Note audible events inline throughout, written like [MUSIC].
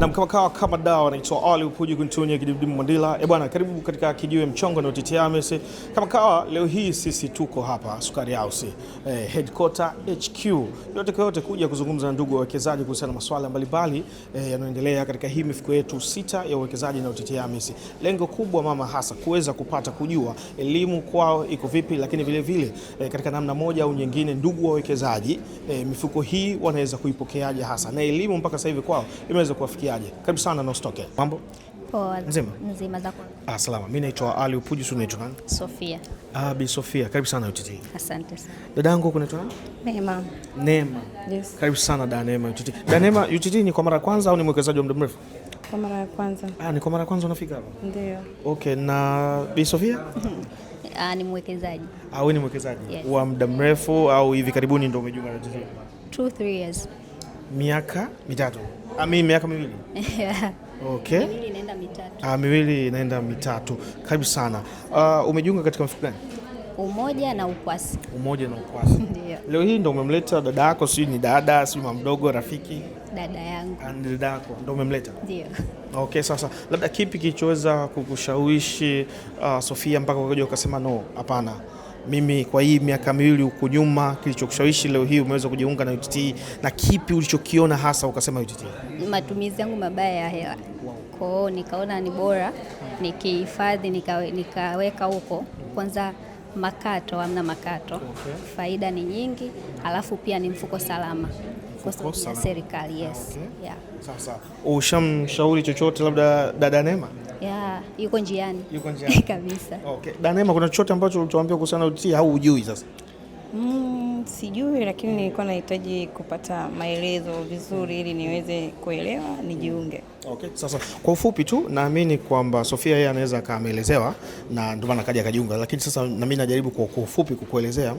Na kawa kama dawa naitwa Ali Upuji Kuntunye kidibidimu Mandila. E bwana, karibu katika kijiwe mchongo na UTT AMIS. Kama kawa leo hii sisi tuko hapa Sukari House eh, headquarter HQ, yote kwa yote kuja kuzungumza na ndugu wawekezaji kuhusiana na masuala mbalimbali eh, yanayoendelea katika hii mifuko yetu sita ya uwekezaji na UTT AMIS. Lengo kubwa mama, hasa kuweza kupata kujua elimu kwao iko vipi, lakini vile vile eh, katika namna moja au nyingine, ndugu wawekezaji eh, mifuko hii wanaweza kuipokeaje hasa na elimu mpaka sasa hivi kwao imeweza kuwafikia unajisikiaje? Karibu sana na usitoke. Mambo? Poa. Nzima Mzima zako? Ah, salama. Mimi naitwa Ali Upuji, sio naitwa nani? Sofia. Ah, Bi Sofia, karibu sana UTT. Asante sana. Dadangu unaitwa nani? Neema. Neema. Yes. Karibu sana da Neema UTT. Da Neema UTT ni kwa mara ya kwanza au ni mwekezaji wa muda mrefu? Kwa mara ya kwanza. Ah, ni kwa mara ya kwanza unafika hapa? Ndio. Okay, na Bi Sofia? [LAUGHS] Ah, ni mwekezaji. Ah, wewe ni mwekezaji. Yes. Wa muda mrefu au hivi karibuni ndio umejiunga na UTT? 2 3 years. Miaka mitatu. Ah, mimi miaka miwili yeah. [LAUGHS] Okay. Miwili inaenda mitatu. Ah, miwili inaenda mitatu. Karibu sana. Uh, umejiunga katika mfuko gani? Umoja na Ukwasi. Umoja na Ukwasi. [LAUGHS] Ndio. Leo hii ndo umemleta dada yako, si ni dada, si mama mdogo, rafiki? Dada yangu. Ah, Ndio dada yako, ndo umemleta? Ndio. Okay, sasa labda kipi kilichoweza kukushawishi uh, Sofia mpaka ukaja ukasema no, hapana mimi kwa hii miaka miwili huko nyuma, kilichokushawishi leo hii umeweza kujiunga na UTT, na kipi ulichokiona hasa ukasema UTT? Matumizi yangu mabaya ya hela, kwa hiyo nikaona ni bora nikihifadhi, nikaweka huko. Kwanza makato hamna makato, okay. Faida ni nyingi, alafu pia ni mfuko salama kwa serikali. Yes, okay. Yeah. Sasa ushamshauri chochote labda dada Neema? Yeah, yuko njiani. Yuko [LAUGHS] njiani. Kabisa. Okay. Danema, kuna chochote ambacho ulichoambia kuhusiana na UTT au hujui sasa? Mm, sijui lakini nilikuwa nahitaji kupata maelezo vizuri ili niweze kuelewa nijiunge. Okay. Sasa kwa ufupi tu naamini kwamba Sofia yeye anaweza akameelezewa na ndio maana kaja akajiunga, lakini sasa na mimi najaribu kwa ufupi kukuelezea.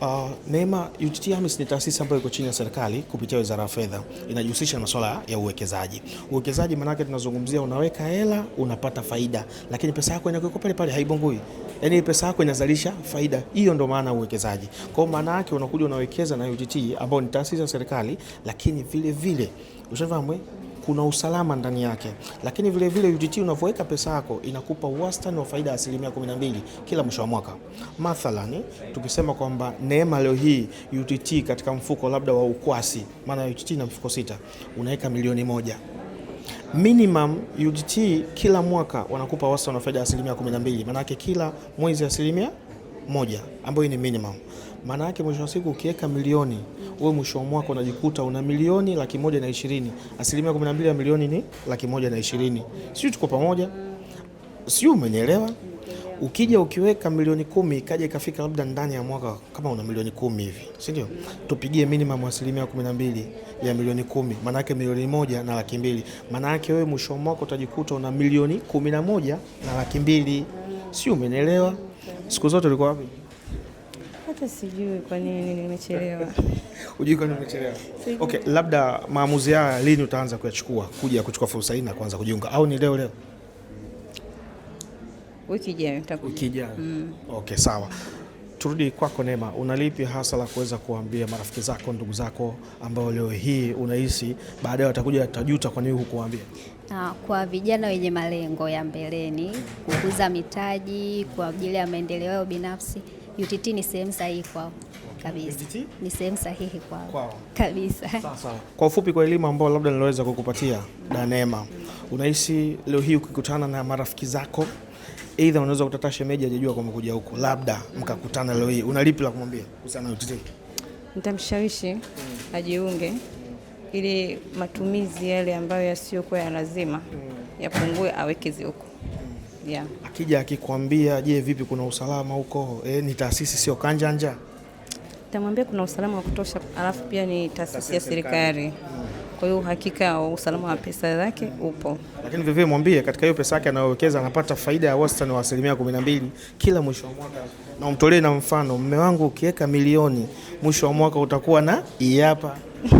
Uh, Neema UTT AMIS ni taasisi ambayo iko chini ya serikali kupitia Wizara ya Fedha, inajihusisha na masuala ya uwekezaji. Uwekezaji maana yake tunazungumzia, unaweka hela unapata faida, lakini pesa yako inakuwa pale pale, haibongui. Yaani pesa yako inazalisha faida, hiyo ndio maana uwekezaji. Kwa hiyo maana yake unakuja unawekeza na UTT ambayo ni taasisi ya serikali, lakini vile vile ushafahamu kuna usalama ndani yake, lakini vilevile vile UTT unavyoweka pesa yako inakupa wastani wa faida ya asilimia 12 kila mwisho wa mwaka. Mathalani tukisema kwamba Neema leo hii UTT katika mfuko labda wa ukwasi, maana UTT na mfuko sita, unaweka milioni moja minimum UTT kila mwaka wanakupa wastani wa faida ya asilimia 12, maana yake kila mwezi asilimia moja ambayo ni minimum maana yake mwisho wa siku ukiweka milioni wewe mwisho wa mwaka unajikuta una milioni laki moja na ishirini. Asilimia kumi na mbili ya milioni ni laki moja na ishirini. Sio tuko pamoja? Sio umenielewa? Ukija ukiweka milioni kumi ikaja ikafika labda ndani ya mwaka kama una milioni kumi hivi, si ndio? Tupigie minimum asilimia kumi na mbili ya milioni kumi, maana yake milioni moja na laki mbili. Maana yake wewe mwisho wa mwaka utajikuta una milioni kumi na moja na laki mbili, si umenielewa? Siku zote ulikuwa wapi? hata sijui kwa nini nimechelewa. [LAUGHS] Hujui kwa nini umechelewa? Okay, labda maamuzi haya lini utaanza kuyachukua, kuja kuchukua fursa hii na kuanza kujiunga, au ni leo leo? Wiki ijayo nitakuja. Wiki ijayo. Mm. Okay, sawa. Turudi kwako Neema, unalipi hasa la kuweza kuambia marafiki zako, ndugu zako ambao leo hii unahisi baadaye watakuja watajuta kwa nini hukuwaambia? Ah, kwa vijana wenye malengo ya mbeleni, kukuza mitaji kwa ajili ya maendeleo yao binafsi UTT ni sehemu sahihi kwao kabisa. ni sehemu sahihi kwao kabisa. Sasa kwa ufupi, kwa elimu ambayo labda niliweza kukupatia Danema, unahisi leo hii ukikutana na marafiki zako, aidha unaweza kutata shemeji ajajua kwa mkuja huko, labda mkakutana leo hii, unalipi la kumwambia kuhusiana na UTT? Nitamshawishi hmm. ajiunge ili matumizi yale ambayo yasiyokuwa ya lazima hmm. yapungue, awekeze huko yeah. Akija akikwambia je, vipi kuna usalama huko e, ni taasisi sio kanjanja, tamwambia kuna usalama wa kutosha, alafu pia ni taasisi ya serikali kwa hiyo uhakika wa usalama wa pesa zake upo, lakini vivyo mwambie katika hiyo pesa yake anayowekeza anapata faida ya wastani wa asilimia kumi na mbili kila mwisho wa mwaka. Na umtolee na mfano, mme wangu ukiweka milioni mwisho wa mwaka utakuwa na hii hapa. [LAUGHS]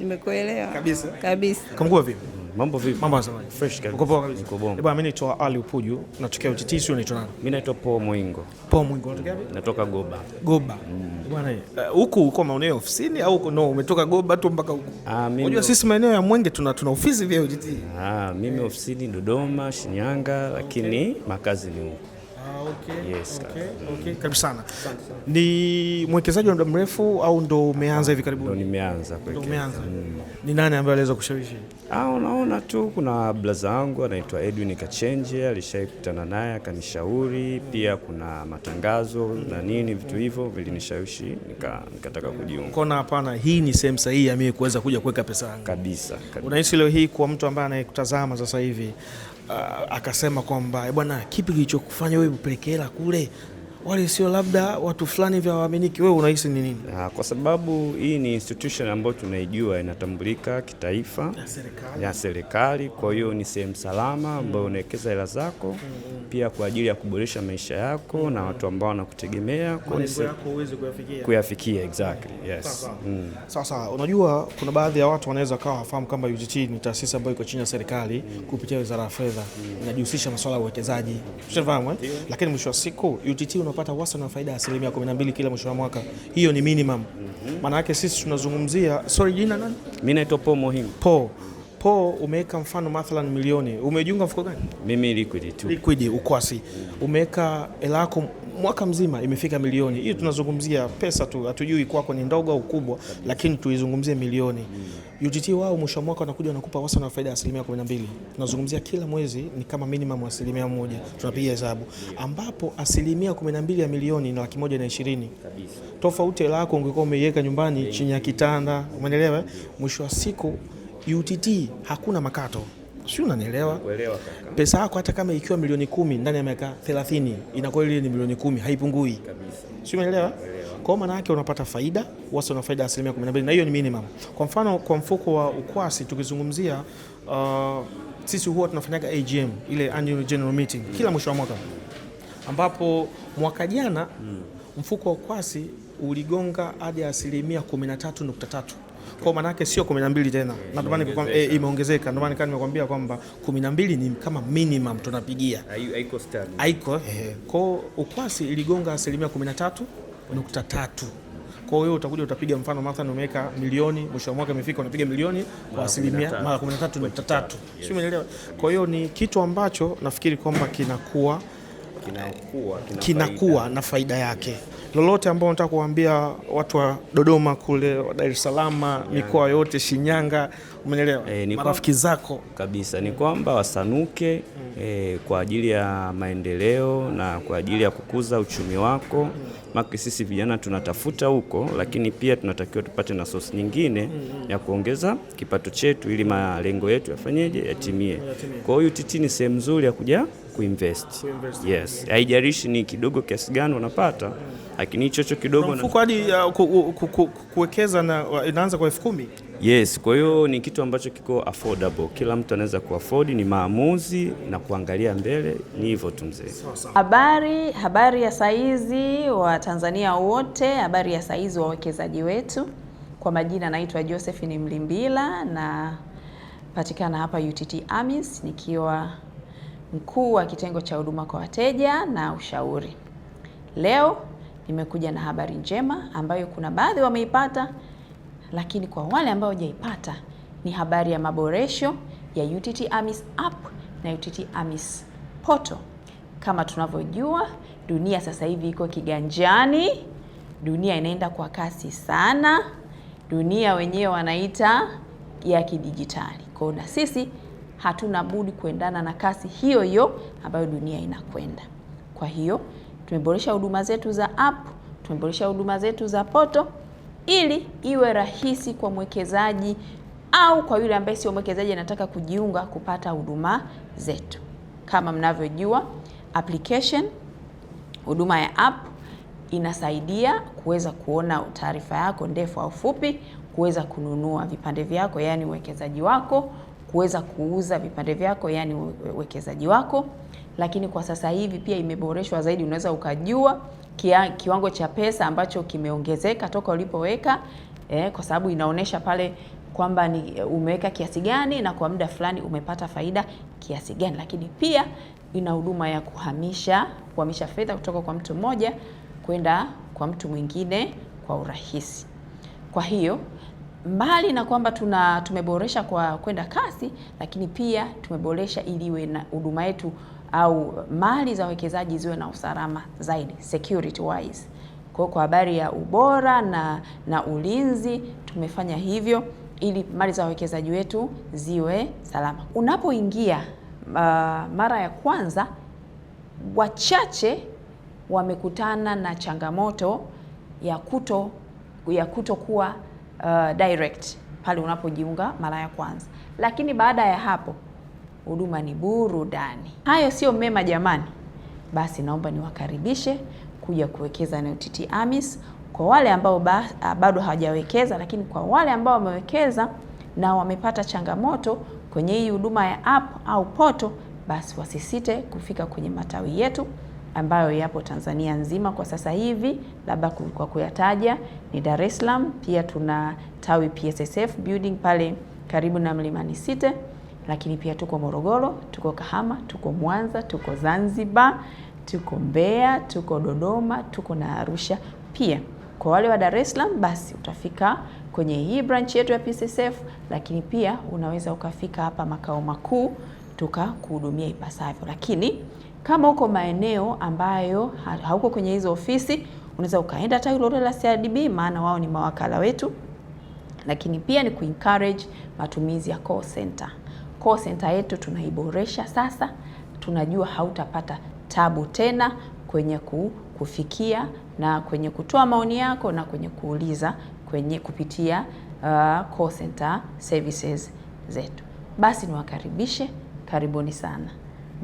Nimekuelewa kabisa kabisa. Kamkuwa vipi? Mambo vipi? Mambo vipi? Fresh kabisa. Uko poa kabisa. Niko bomba. Bwana mimi naitwa Ali Upuju, natokea UTT, sio naitwa nani? Mimi naitwa Paul Mwingo. Paul Mwingo, unatoka wapi? Natoka Goba. Goba. Mm. Bwana eh, huko uko maeneo ofisini au uko no, umetoka Goba tu mpaka huko? Ah, mimi. Unajua sisi maeneo ya Mwenge tuna tuna ofisi vya UTT. Ah, mimi ofisini Dodoma, Shinyanga, lakini makazi ni huko. Ah, okay, yes, okay, okay. Karibu sana. Ni mwekezaji wa muda mrefu au ndo umeanza hivi karibuni? Ndo nimeanza kuwekeza. Umeanza. Mm. Ni nani ambaye aliweza kushawishi? Ah, unaona tu kuna blaza wangu anaitwa Edwin Kachenje alishaikutana naye akanishauri, pia kuna matangazo na nini vitu hivyo vilinishawishi nika, nikataka kujiunga. Kona hapana, hii ni sehemu sahihi ya mimi kuweza kuja kuweka pesa yangu. Kabisa, kabisa. Unahisi leo hii kwa mtu ambaye anayekutazama sasa hivi uh, akasema kwamba eh, bwana, kipi kilichokufanya wewe ela cure wale sio labda watu fulani vya waaminiki, wewe unahisi ni nini? Ah, kwa sababu hii ni institution ambayo tunaijua inatambulika kitaifa ya serikali, kwa hiyo ni sehemu salama ambayo unawekeza hela zako mm. pia kwa ajili ya kuboresha maisha yako mm. na mm-hmm. watu ambao wanakutegemea kuyafikia. Exactly, yes. Sasa mm. unajua kuna baadhi ya watu wanaweza kawa wafahamu kama UGT ni taasisi ambayo iko chini ya serikali mm. kupitia Wizara ya Fedha mm. inajihusisha masuala ya uwekezaji, ushafahamu eh? yeah. lakini mwisho wa siku UGT una tunapata wastani wa faida ya asilimia 12 kila mwisho wa mwaka. Hiyo ni minimum. Mhm. Maana yake sisi tunazungumzia, sorry, jina nani? Mimi naitwa Paul Mohim. Paul. Po umeweka mfano mathalan milioni, umejiunga mfuko gani? Mimi liquid tu. Liquid ukwasi. Umeweka hela yako mwaka mzima imefika milioni. Hii tunazungumzia pesa tu, hatujui kwako ni ndogo au kubwa, lakini tuizungumzie milioni. UTT wao mwisho wa mwaka wanakuja wanakupa wasa na faida ya asilimia 12. Tunazungumzia kila mwezi ni kama minimum asilimia moja, tunapiga hesabu ambapo asilimia 12 ya milioni ni laki moja na ishirini kabisa. Tofauti hela yako ungekuwa umeiweka nyumbani chini ya kitanda, umeelewa? Eh? Mwisho wa siku UTT hakuna makato, si unanielewa? Pesa yako hata kama ikiwa milioni kumi ndani ya miaka 30 inakuwa ile ni milioni kumi, haipungui kabisa, si umeelewa? Kwa maana yake unapata faida wasi, una faida asilimia 12, na hiyo ni minimum. Kwa mfano kwa mfuko wa ukwasi tukizungumzia, uh, sisi huwa tunafanyaga AGM ile annual general meeting kila mwisho wa mwaka, ambapo mwaka jana hmm. mfuko wa ukwasi uligonga hadi asilimia 13.3 kwa maana yake sio 12 tena. Na ndio maana eh, imeongezeka. Ndio maana nimekwambia kwamba 12 ni kama minimum tunapigia. Haiko standard. Haiko. Eh. Kwa ukwasi iligonga asilimia 13.3. Kwa hiyo utakuja utapiga mfano mathalan umeweka milioni, mwisho wa mwaka imefika unapiga milioni kwa asilimia mara 13.3. Sio, umeelewa? Kwa hiyo ni kitu ambacho nafikiri kwamba kinakuwa kinakuwa kina kinakuwa faida na faida yake. Lolote ambao nataka kuwaambia watu wa Dodoma kule, wa Dar es Salaam, mikoa yote Shinyanga Umeelewa? E, marafiki zako kabisa ni kwamba wasanuke mm. e, kwa ajili ya maendeleo na kwa ajili ya kukuza uchumi wako mm. maki sisi vijana tunatafuta huko, lakini pia tunatakiwa tupate na source nyingine mm. ya kuongeza kipato chetu ili malengo yetu yafanyeje, yatimie. Kwa hiyo UTT ni sehemu nzuri ya kuja kuinvest, kuinvest. Yes, haijalishi ni kidogo kiasi gani unapata lakini hicho kidogo na mfuko hadi uh, kuwekeza na uh, inaanza kwa elfu kumi Yes, kwa hiyo ni kitu ambacho kiko affordable, kila mtu anaweza kuafford. Ni maamuzi na kuangalia mbele, ni hivyo tu mzee. Habari habari ya saizi wa Tanzania wote, habari ya saizi wa wawekezaji wetu. Kwa majina naitwa Josephine Mlimbila na patikana hapa UTT AMIS nikiwa mkuu wa kitengo cha huduma kwa wateja na ushauri. Leo nimekuja na habari njema ambayo kuna baadhi wameipata lakini kwa wale ambao hujaipata ni habari ya maboresho ya UTT AMIS app na UTT AMIS poto. Kama tunavyojua, dunia sasa hivi iko kiganjani, dunia inaenda kwa kasi sana, dunia wenyewe wanaita ya kidijitali. Kwa na sisi hatuna budi kuendana na kasi hiyo hiyo ambayo dunia inakwenda. Kwa hiyo tumeboresha huduma zetu za app, tumeboresha huduma zetu za poto ili iwe rahisi kwa mwekezaji au kwa yule ambaye sio mwekezaji anataka kujiunga kupata huduma zetu. Kama mnavyojua, application huduma ya app inasaidia kuweza kuona taarifa yako ndefu au fupi, kuweza kununua vipande vyako, yaani uwekezaji wako, kuweza kuuza vipande vyako, yaani uwekezaji wako lakini kwa sasa hivi pia imeboreshwa zaidi. Unaweza ukajua kia, kiwango cha pesa ambacho kimeongezeka toka ulipoweka eh, kwa sababu inaonyesha pale kwamba ni eh, umeweka kiasi gani na kwa muda fulani umepata faida kiasi gani. Lakini pia ina huduma ya kuhamisha kuhamisha fedha kutoka kwa mtu mmoja kwenda kwa mtu mwingine kwa urahisi. Kwa hiyo mbali na kwamba tuna tumeboresha kwa kwenda kasi, lakini pia tumeboresha ili iwe na huduma yetu au mali za wawekezaji ziwe na usalama zaidi security wise. Kwa kwa habari ya ubora na, na ulinzi tumefanya hivyo ili mali za wawekezaji wetu ziwe salama. Unapoingia uh, mara ya kwanza, wachache wamekutana na changamoto ya kuto ya kutokuwa uh, direct pale unapojiunga mara ya kwanza, lakini baada ya hapo huduma ni burudani. Hayo sio mema jamani. Basi naomba niwakaribishe kuja kuwekeza na UTT AMIS kwa wale ambao ba, ah, bado hawajawekeza, lakini kwa wale ambao wamewekeza na wamepata changamoto kwenye hii huduma ya app au poto, basi wasisite kufika kwenye matawi yetu ambayo yapo Tanzania nzima kwa sasa hivi, labda kwa kuyataja ni Dar es Salaam. Pia tuna tawi PSSF building pale karibu na Mlimani City lakini pia tuko Morogoro, tuko Kahama, tuko Mwanza, tuko Zanzibar, tuko Mbeya, tuko Dodoma, tuko na Arusha pia. Kwa wale wa Dar es Salaam basi utafika kwenye hii branch yetu ya PCSF, lakini pia unaweza ukafika hapa makao makuu tukakuhudumia ipasavyo. Lakini kama uko maeneo ambayo hauko kwenye hizo ofisi, unaweza ukaenda tawi lolote la CRDB, maana wao ni mawakala wetu. Lakini pia ni kuencourage matumizi ya call center call center yetu tunaiboresha sasa, tunajua hautapata tabu tena kwenye kufikia na kwenye kutoa maoni yako na kwenye kuuliza kwenye kupitia uh, call center services zetu. Basi niwakaribishe, karibuni sana,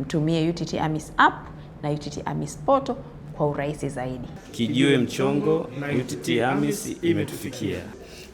mtumie UTT AMIS app na UTT AMIS poto kwa urahisi zaidi. Kijiwe mchongo na UTT AMIS imetufikia.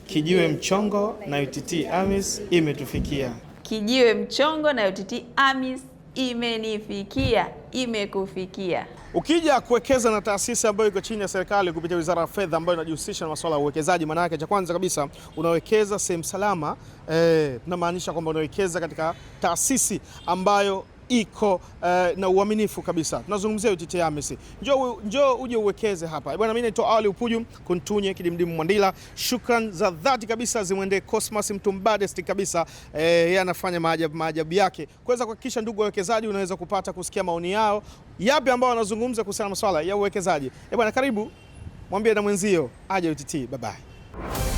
Kijiwe mchongo na UTT AMIS imetufikia. Kijiwe mchongo na UTT AMIS imenifikia, imekufikia. Ukija kuwekeza na taasisi ambayo iko chini ya serikali kupitia Wizara ya Fedha ambayo inajihusisha na masuala ya uwekezaji, maana yake cha kwanza kabisa unawekeza sehemu salama. Eh, tunamaanisha kwamba unawekeza katika taasisi ambayo iko uh, na uaminifu kabisa. Tunazungumzia UTT AMIS. Njoo njoo uje uwekeze hapa bwana. Mimi naitwa Awali Upuju Kuntunye Kidimdimu Mwandila. Shukran za dhati kabisa zimwendee Cosmas Mtumbadest kabisa, eh, yeye anafanya maajabu maajabu yake kuweza kuhakikisha ndugu wawekezaji unaweza kupata kusikia maoni yao yapi ambao wanazungumza kuhusiana na masuala ya uwekezaji. Eh bwana, karibu mwambie na mwenzio aje UTT. Bye bye.